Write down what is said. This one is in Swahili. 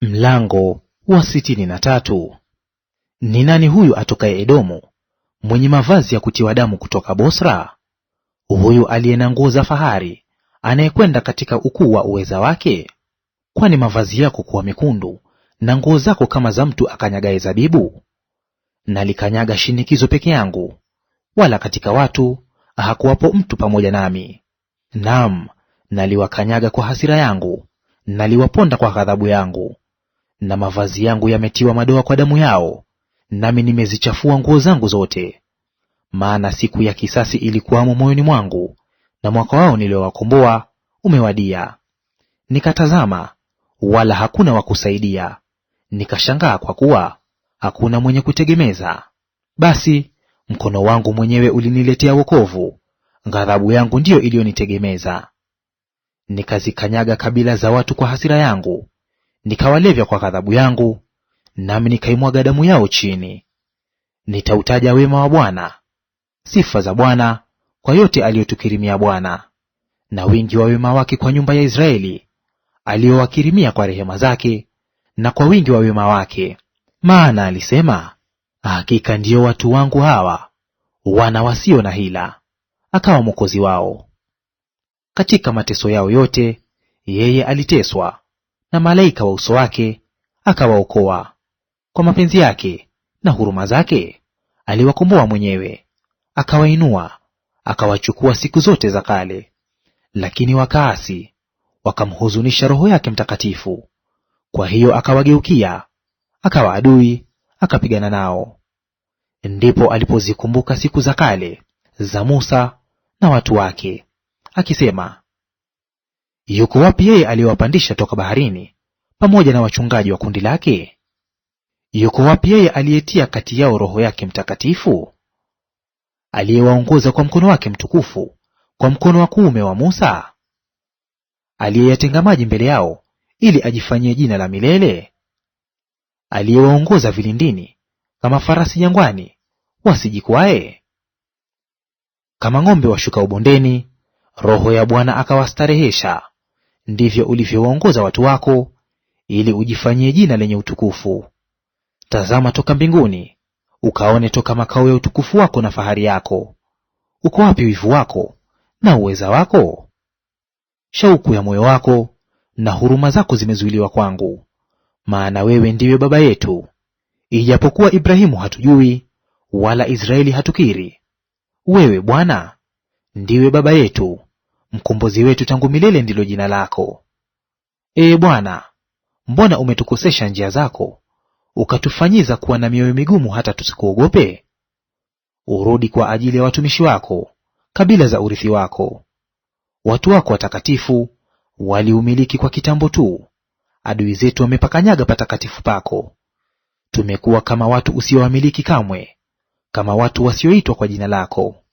Mlango wa sitini na tatu. Ni nani huyu atokaye Edomu, mwenye mavazi ya kutiwa damu kutoka Bosra? Huyu aliye na nguo za fahari, anayekwenda katika ukuu wa uweza wake? Kwani mavazi yako kuwa mekundu, na nguo zako kama za mtu akanyagaye zabibu? Nalikanyaga shinikizo peke yangu, wala katika watu hakuwapo mtu pamoja nami. Naam, naliwakanyaga kwa hasira yangu, naliwaponda kwa ghadhabu yangu na mavazi yangu yametiwa madoa kwa damu yao, nami nimezichafua nguo zangu zote. Maana siku ya kisasi ilikuwamo moyoni mwangu, na mwaka wao niliowakomboa umewadia. Nikatazama, wala hakuna wa kusaidia; nikashangaa, kwa kuwa hakuna mwenye kutegemeza. Basi mkono wangu mwenyewe uliniletea wokovu, ghadhabu yangu ndiyo iliyonitegemeza. Nikazikanyaga kabila za watu kwa hasira yangu, nikawalevya kwa ghadhabu yangu, nami nikaimwaga damu yao chini. Nitautaja wema wa Bwana, sifa za Bwana kwa yote aliyotukirimia Bwana, na wingi wa wema wake kwa nyumba ya Israeli, aliyowakirimia kwa rehema zake na kwa wingi wa wema wake. Maana alisema, hakika ndiyo watu wangu hawa, wana wasio na hila, akawa mwokozi wao. Katika mateso yao yote yeye aliteswa, na malaika wa uso wake akawaokoa. Kwa mapenzi yake na huruma zake aliwakomboa mwenyewe, akawainua akawachukua siku zote za kale. Lakini wakaasi wakamhuzunisha Roho yake Mtakatifu, kwa hiyo akawageukia, akawa adui, akapigana nao. Ndipo alipozikumbuka siku za kale za Musa na watu wake, akisema, yuko wapi yeye aliyewapandisha toka baharini pamoja na wachungaji wa kundi lake? Yuko wapi yeye aliyetia kati yao Roho yake Mtakatifu, aliyewaongoza kwa mkono wake mtukufu, kwa mkono wa kuume wa Musa? Aliyeyatenga maji mbele yao ili ajifanyie jina la milele, aliyewaongoza vilindini kama farasi jangwani, wasijikwae. Kama ng'ombe washuka ubondeni, Roho ya Bwana akawastarehesha ndivyo ulivyowaongoza watu wako, ili ujifanyie jina lenye utukufu. Tazama toka mbinguni, ukaone toka makao ya utukufu wako na fahari yako. Uko wapi wivu wako na uweza wako? Shauku ya moyo wako na huruma zako zimezuiliwa kwangu, maana wewe ndiwe baba yetu, ijapokuwa Ibrahimu hatujui wala Israeli hatukiri. Wewe Bwana ndiwe baba yetu Mkombozi wetu tangu milele ndilo jina lako. Ee Bwana, mbona umetukosesha njia zako, ukatufanyiza kuwa na mioyo migumu hata tusikuogope? Urudi kwa ajili ya watumishi wako, kabila za urithi wako. Watu wako watakatifu waliumiliki kwa kitambo tu, adui zetu wamepakanyaga patakatifu pako. Tumekuwa kama watu usiowamiliki kamwe, kama watu wasioitwa kwa jina lako.